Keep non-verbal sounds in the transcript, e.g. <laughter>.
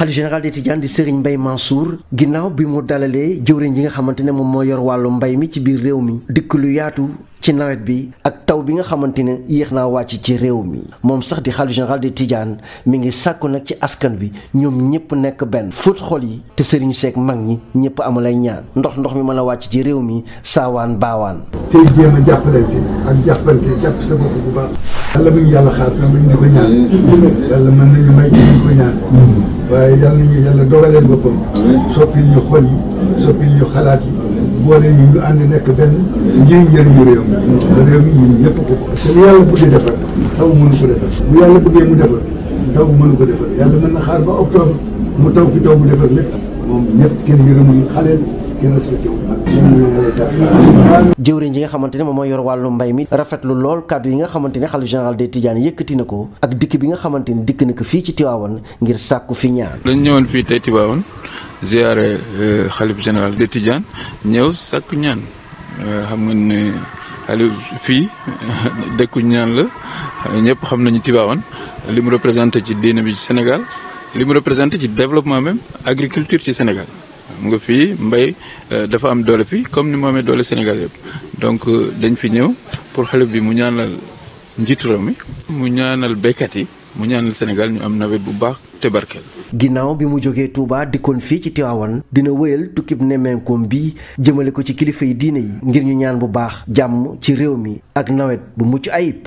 xalif général des Tidianes di Serigne Mbaye Mansour ginnaaw bi mu dalalee jëwriñ yi nga xamante ne moom moo yor wàllu mbay mi ci biir réew mi dikk lu yaatu ci nawet bi ak taw bi nga xamante ne yéex naa wàcc ci réew mi moom sax di xalif général des Tidianes mi ngi sàkku nag ci askan bi ñoom ñëpp nekk benn fóot xol yi te Serigne seek mag ñi ñëpp amul ay ñaan ndox ndox mi mën a wàcc ci réew mi saawaan baawaan. tey jéem a jàppalante ak jàppalante jàpp sa bopp waaye yal nañu yàlla dogaleen boppam soppil ñu xol yi soppil ñu xalaat yi boole ñu ànd nekk benn njëriñ njëriñu réew mi réew mi ñun ñëpp ko te lu yàlla bëggee defar taw mënu ko defar bu yàlla bëggee mu defar taw mënu ko defar yàlla mën na xaar ba octobre mu taw fi taw bu defar lépp moom ñëpp kenn yërëmul xaleel jëwriñ ji nga xamante ne moom mooy yor wàllu mbay mi rafetlu lool kàddu yi nga xamante ne xalif général des Tidiane yëkkati na ko ak dikk bi nga xamante ne dikk na ko fii ci Tivaouane ngir sàkku fi ñaan dañ ñëwoon fii tey Tivaouane ziare euh, xalif général des Tidiane ñëw ñaan euh, xam nga ne xalif fii <laughs> dëkku ñaan la ñëpp xam nañu Tivaouane li mu représenté ci diine bi ci Sénégal li mu représenté ci développement même agriculture ci Sénégal xam nga fii mbay euh, dafa am doole fii comme ni mu amee doole Sénégal yëpp donc euh, dañ fi ñëw pour xale bi mu ñaanal njiitu mi mu ñaanal béykat yi mu ñaanal Sénégal ñu am nawet bu baax te barkeel. ginnaaw bi mu jógee Touba dikkoon fii ci Tivaouane dina wéyal tukkib nemmeekoom bi jëmale ko ci kilifa yi diine yi ngir ñu ñaan bu baax jàmm ci réew mi ak nawet bu mucc ayib.